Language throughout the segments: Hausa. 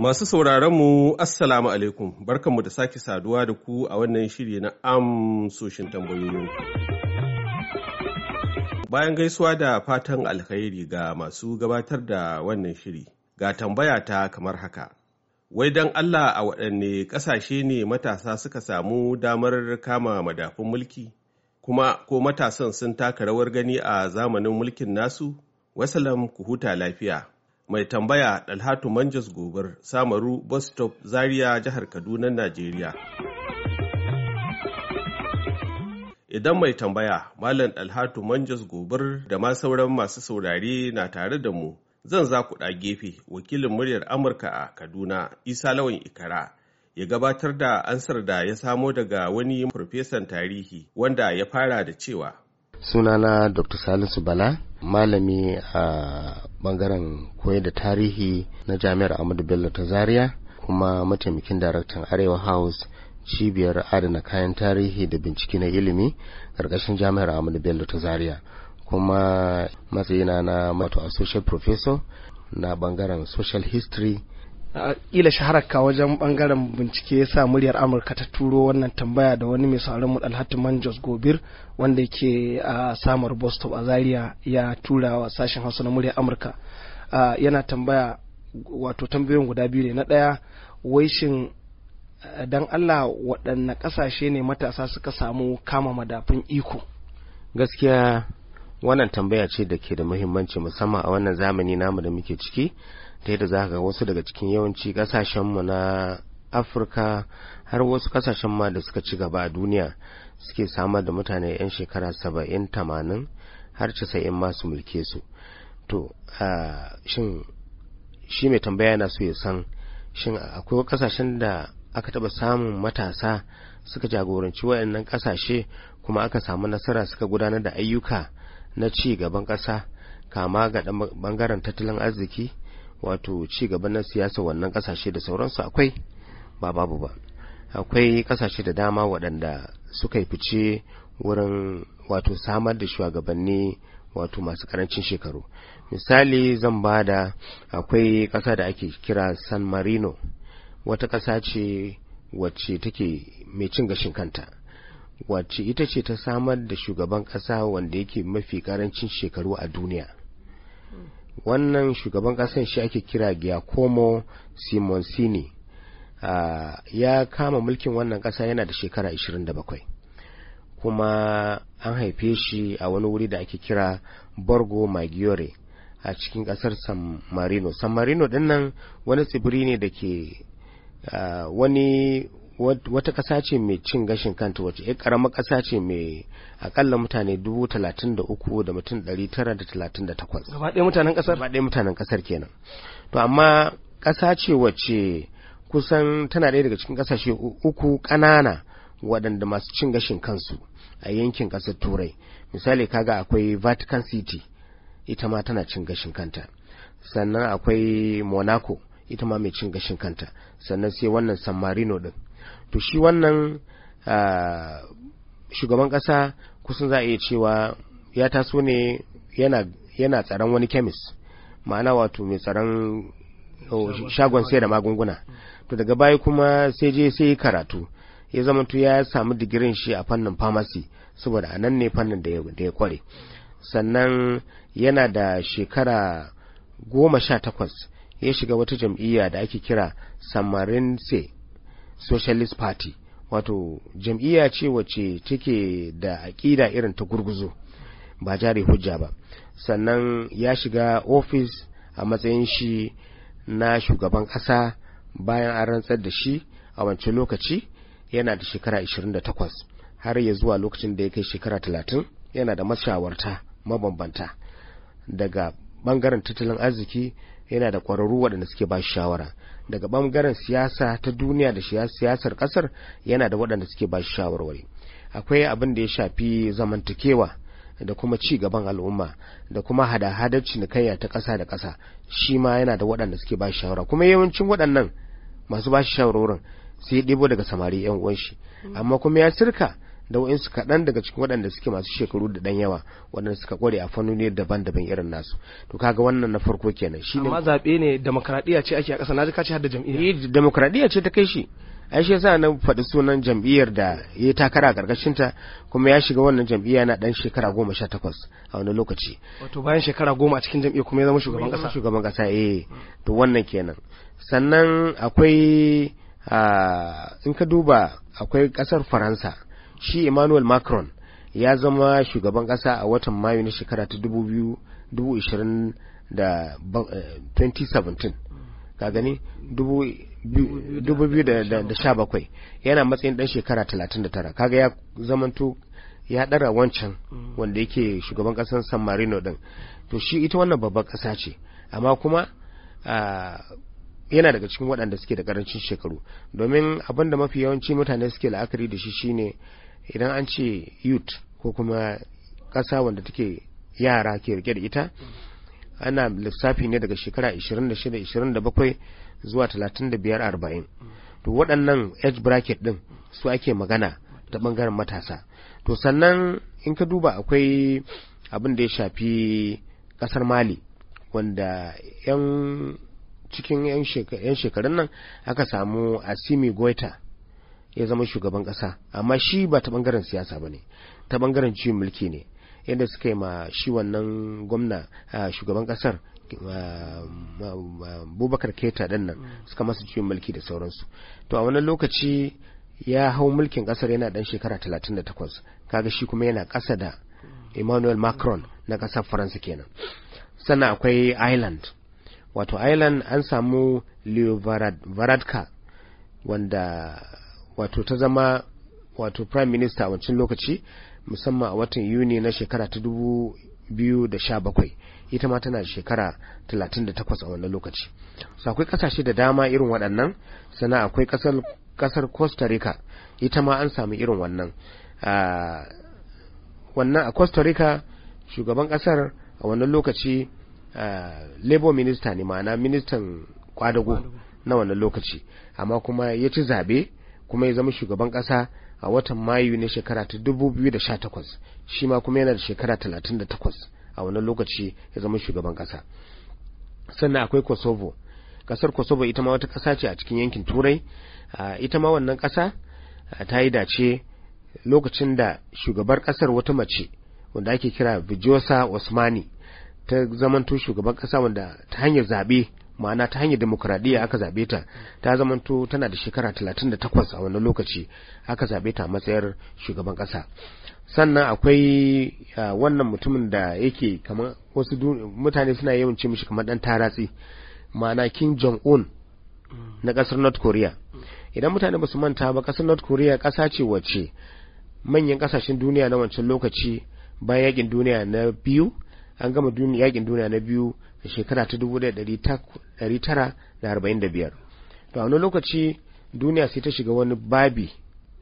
Masu sauraronmu, Assalamu alaikum, barkanmu da sake saduwa da ku a wannan shiri na amsoshin tambayoyin. Bayan gaisuwa da fatan alkhairi ga masu gabatar da wannan shiri, ga tambaya ta kamar haka. Wai don Allah a waɗanne ƙasashe ne matasa suka samu damar kama madafun mulki? Kuma ko matasan sun taka rawar gani a zamanin mulkin nasu? Wasalam ku huta lafiya. mai tambaya dalhatu manjas Gobar, samaru bus stop zaria jihar kaduna najeriya idan mai tambaya malam dalhatu manjas Gobar da ma sauran masu saurare na tare da mu zan za ku gefe wakilin muryar amurka a kaduna isa lawan ikara ya gabatar da ansar da ya samo daga wani farfesan tarihi wanda ya fara da cewa sunana dr salisu bala malami a bangaren koyar da tarihi na jami'ar Ahmadu Bello ta Zaria kuma mataimakin daraktan Arewa House cibiyar adana kayan tarihi da bincike na ilimi ƙarƙashin jami'ar Ahmadu Bello ta Zaria kuma matsayina na mato associate professor na bangaren social history kila shahararka wajen bangaren bincike ya sa muryar amurka ta turo wannan tambaya da wani mai sauran mu alhatiman jos gobir wanda yake a samar boston a zaria ya tura wa sashen hausa na muryar amurka yana tambaya wato tambayoyin guda biyu ne na ɗaya wai shin don allah waɗanne ƙasashe ne matasa suka samu kama madafin iko gaskiya wannan tambaya ce da ke da muhimmanci musamman a wannan zamani namu da muke ciki ta yadda za ga wasu daga cikin yawanci kasashenmu na afirka har wasu kasashen ma da suka ci gaba a duniya suke samar da mutane 'yan shekara saba'in tamanin har casa'in masu mulke su to shin shi mai tambaya na so ya san shin akwai kasashen da aka taba samun matasa suka jagoranci waɗannan kasashe kuma aka samu nasara suka gudanar da ayyuka na ci gaban ƙasa kama ga bangaren tattalin arziki wato ci gaba na siyasa wannan kasashe da sauransu akwai ba babu ba akwai kasashe da dama waɗanda suka yi fice wurin wato samar da shugabanni wato masu karancin shekaru misali zan ba da akwai ƙasa da ake kira san marino wata ƙasa ce wacce take mai cin gashin kanta wacce ita ce ta samar da shugaban ƙasa wanda yake mafi karancin shekaru a duniya wannan shugaban kasan shi ake kira Giacomo Simoncini ah, ya kama mulkin wannan kasa yana da shekara 27 kuma an haife shi a wani wuri da ake kira Borgo Maggiore a cikin kasar San Marino San Marino dinnan wani tsibiri ne da ke ah, wani wata ƙasa ce mai cin gashin kanta wacce ya ƙarama ƙasa ce mai akalla mutane dubu talatin da uku da mutum ɗari tara da talatin da takwas. Gabaɗaya mutanen ƙasar? Gabaɗaya mutanen ƙasar kenan. To amma ƙasa ce wacce kusan tana ɗaya daga cikin ƙasashe uku ƙanana waɗanda masu cin gashin kansu a yankin ƙasar Turai. Misali kaga akwai Vatican City ita ma tana cin gashin kanta. Sannan akwai Monaco ita ma mai cin gashin kanta. Sannan sai wannan San Marino ɗin. to shi wannan shugaban kasa kusan za a iya cewa ya taso ne yana tsaron wani kemis ma'ana wato mai tsaron shagon sai da magunguna to daga baya kuma sai je sai karatu ya zama ya samu digirin shi a fannin pharmacy saboda a nan ne fannin da ya kware sannan yana da shekara goma sha takwas ya shiga wata jam'iyya da ake kira samarin samarinse socialist party wato jam'iyya ce wacce take da aƙida irin ta gurguzo ba jari hujja ba sannan ya shiga ofis a matsayin shi na shugaban ƙasa bayan an rantsar da shi a wancan lokaci yana da shekara 28 har ya zuwa lokacin da ya kai shekara 30 yana da mashawarta mabambanta daga bangaren tattalin arziki yana da kwararru waɗanda suke ba shawara daga ɓangaren siyasa ta duniya da siyasar ƙasar yana da waɗanda suke ba shawarwari akwai abin da ya shafi zamantakewa da kuma ci gaban al'umma da kuma hada-hadar cinikayya ta ƙasa da ƙasa shi ma yana da waɗanda suke ba shawara kuma yawancin waɗannan masu ba shi shawarwarin sai ɗebo daga samari 'yan uwan shi mm. amma kuma ya sirka da wa'insu kaɗan daga cikin waɗanda suke masu shekaru da ɗan yawa waɗanda suka ƙware a fannoni daban-daban irin nasu to kaga wannan na farko kenan shi amma zaɓe ne demokradiyya ce ake a ƙasa na ji ka ce har da jam'iyya eh, demokradiyya ce ta kai shi ai shi yasa na faɗi sunan jam'iyyar da ya takara a ƙarƙashin ta kuma ya shiga wannan jam'iyya na ɗan shekara goma sha takwas a wani lokaci wato bayan shekara goma a cikin jam'iyya kuma ya zama shugaban ƙasa shugaban ƙasa eh to wannan kenan sannan akwai ah, in ka duba akwai ƙasar faransa shi Emmanuel Macron ya zama shugaban kasa a watan Mayu na shekara ta 2017 eh, ka gani 2017 yana matsayin dan shekara 39 kaga ya zamanto ya dara wancan wanda yake shugaban kasar San Marino din to shi ita wannan babban kasa ce amma kuma ah, yana daga cikin waɗanda suke da karancin shekaru domin abin da mafi yawanci mutane suke la'akari da shi shine idan an ce youth ko kuma ƙasa wanda take yara ke rike da ita ana lissafi ne daga shekara 26 27 zuwa 35 40 to waɗannan age bracket ɗin su ake magana ta ɓangaren matasa to sannan in ka duba akwai abin da ya shafi ƙasar mali wanda 'yan cikin 'yan shekarun nan aka samu asimi goita ya zama shugaban kasa amma shi ba ta bangaren siyasa ba ne ta bangaren ciwon mulki ne yadda suka yi ma shi wannan gwamna shugaban kasar bubakar keta dan nan mm. suka masa ciwon mulki da sauransu to a wani lokaci ya hau mulkin kasar yana dan shekara 38 kaga shi kuma yana kasa da emmanuel macron na kasar faransa kenan sannan akwai island. wato island an samu leo varadka wanda wato ta zama wato prime minister a wancan lokaci musamman a watan yuni na shekara ta dubu biyu da sha bakwai ita ma tana shekara talatin da takwas a wannan lokaci so akwai kasashe da dama irin waɗannan sannan akwai ƙasar kasar costa rica ita ma an samu irin wannan wannan a costa rica shugaban ƙasar a wannan lokaci labor minister ne ma'ana ministan kwadago na wannan lokaci amma kuma ya ci zabe kuma ya zama shugaban kasa a watan mayu na shekara ta da 2018 shi ma kuma yana da shekara talatin da 38 a wannan lokaci ya zama shugaban kasa. sannan akwai kosovo ƙasar kosovo ita ma wata kasa ce a cikin yankin turai ita ma wannan ƙasa ta yi dace lokacin da shugabar ƙasar wata mace wanda ake kira Vijosa Osmani ta zamanto shugaban ƙasa wanda ta hanyar zaɓe ma'ana ta hanyar demokradiyya aka zabe ta ta zamanto tana da shekara 38 a wannan lokaci aka zabe ta matsayar shugaban kasa sannan akwai wannan mutumin da yake kamar wasu mutane suna yawan ce mishi kamar dan taratsi ma'ana Kim Jong Un na kasar North Korea idan mutane ba su manta ba kasar North Korea kasa ce wacce manyan kasashen duniya na wancan lokaci bayan yakin duniya na biyu an gama yakin duniya na biyu da shekara ta dubu da to a wani lokaci duniya sai ta shiga wani babi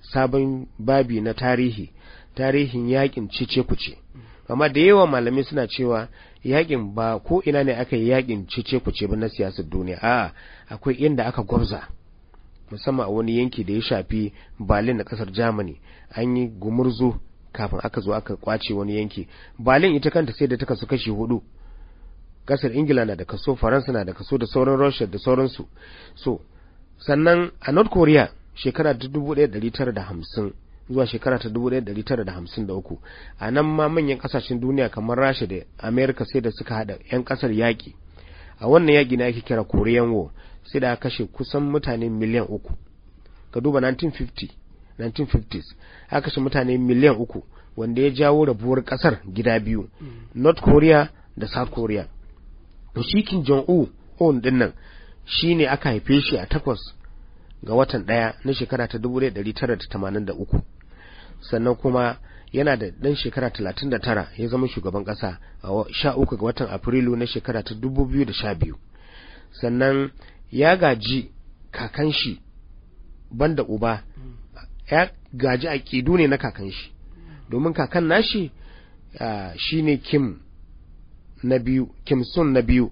sabon babi na tarihi tarihin yakin cece kuce amma da yawa malamai suna cewa yakin ba ko ina ne aka yi yakin cece kuce ba na siyasar duniya a akwai inda aka gwabza musamman a wani yanki da ya shafi Berlin na kasar Germany an yi gumurzo kafin aka zo aka kwace wani yanki Berlin ita kanta sai da ta kasu kashi hudu kasar ingila na da kaso faransa na da kaso da sauran russia da sauransu so sannan a north korea shekara ta 1950 zuwa shekara ta 1953 a nan ma manyan kasashen duniya kamar rasha da america sai da suka hada 'yan kasar yaƙi a wannan yaƙi na ake kira korean war sai da kashe kusan mutane miliyan uku ka duba 1950 s aka kashe mutane miliyan uku wanda ya jawo rabuwar kasar gida biyu mm. north korea da south korea to shi kin Jong Un on din nan shine aka haife shi a takwas ga watan ɗaya na shekara ta 1983 sannan kuma yana da ɗan shekara 39 ya zama shugaban ƙasa a 13 ga watan Afrilu na shekara ta 2012 sannan ya gaji kakan shi banda uba ya gaji kidu ne na kakan shi domin kakan nashi shine Kim na biyu kim sun na biyu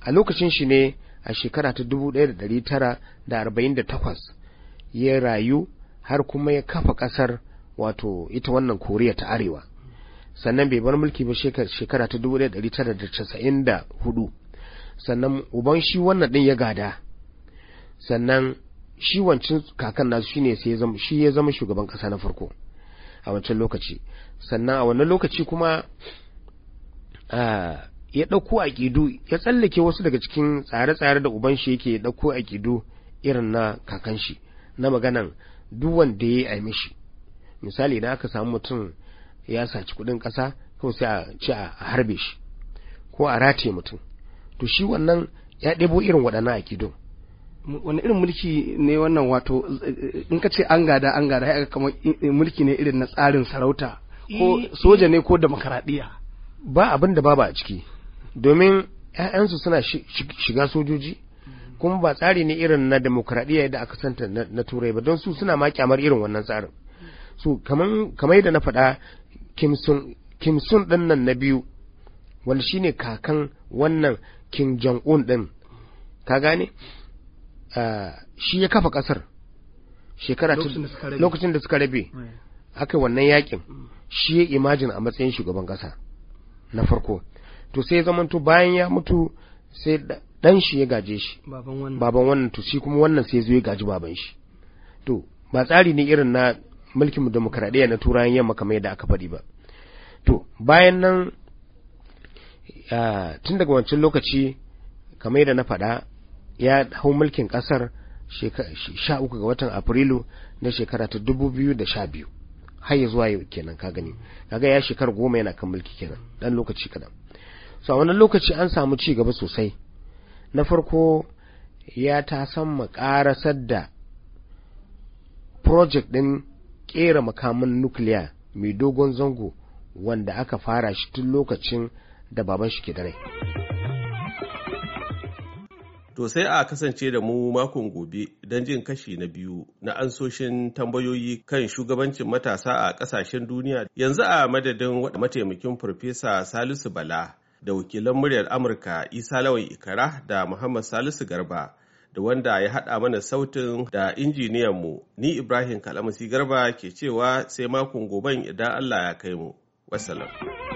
a lokacin shi ne a shekara ta 1948 ya rayu har kuma ya kafa kasar wato ita wannan koriya ta arewa sannan bai bar mulki ba shekara ta 1994 sannan uban shi wannan din ya gada sannan shi wancin kakan nasu shi ne ya zama shi ya zama shugaban kasa na farko a wancan lokaci sannan a wannan lokaci kuma Ah, ya ɗauko aƙidu ya tsallake wasu daga cikin tsare-tsare da uban shi yake ya ɗauko aƙidu irin na kakan shi na maganan duk wanda ya yi a mishi misali idan aka samu mutum ya saci kuɗin ƙasa ko sai a ci a harbe shi ko a rataye mutum to shi wannan ya ɗebo irin waɗannan aƙidun wani irin mulki ne wannan wato in ka ce an gada an gada ya kama mulki ne irin na tsarin sarauta ko eh, soja eh. ne ko demokaraɗiyya ba abin da babu a ciki domin ‘ya'yansu suna shiga sojoji mm-hmm. kuma ba tsari ne irin na demokradiyya da aka santa na turai ba don su suna ma kyamar irin wannan tsarin mm-hmm. su kamar yadda na faɗa kimsun ɗin nan na biyu wanda shine kakan wannan kim jong-un ɗin ka gane ah, shi ya kafa ƙasar shekara lokacin da suka rabe aka wannan yakin mm. shi ya imajin a matsayin shugaban ƙasa na farko to sai ya zamanto bayan ya mutu sai dan shi ya gaje shi baban wannan to shi kuma wannan sai zo ya gaji baban shi to ba tsari ne irin na mulkin demokradiyya na turayen yamma kamar yadda aka faɗi ba to bayan nan tun daga wancan lokaci kamar yadda na faɗa ya hau mulkin ƙasar sha uku ga watan afrilu na shekara ta dubu biyu da sha biyu har ya zuwa yau kenan ka gani kaga ya shekar goma yana kan mulki kenan dan lokaci kadan so a wannan lokaci an samu ci gaba sosai na farko ya ta san mu karasar da project din kera makaman nukiliya mai dogon zango wanda aka fara shi tun lokacin da baban shi ke da rai To sai a kasance da mu makon gobe don jin kashi na biyu na ansoshin tambayoyi kan shugabancin matasa a ƙasashen duniya. Yanzu a madadin wada mataimakin Farfesa Salisu Bala da wakilan muryar Amurka Isa Lawan Ikara da Muhammad Salisu Garba da wanda ya haɗa mana sautin da injiniyanmu ni Ibrahim Kalamasi Garba ke cewa sai makon goben idan Allah ya kai mu. Wassalam.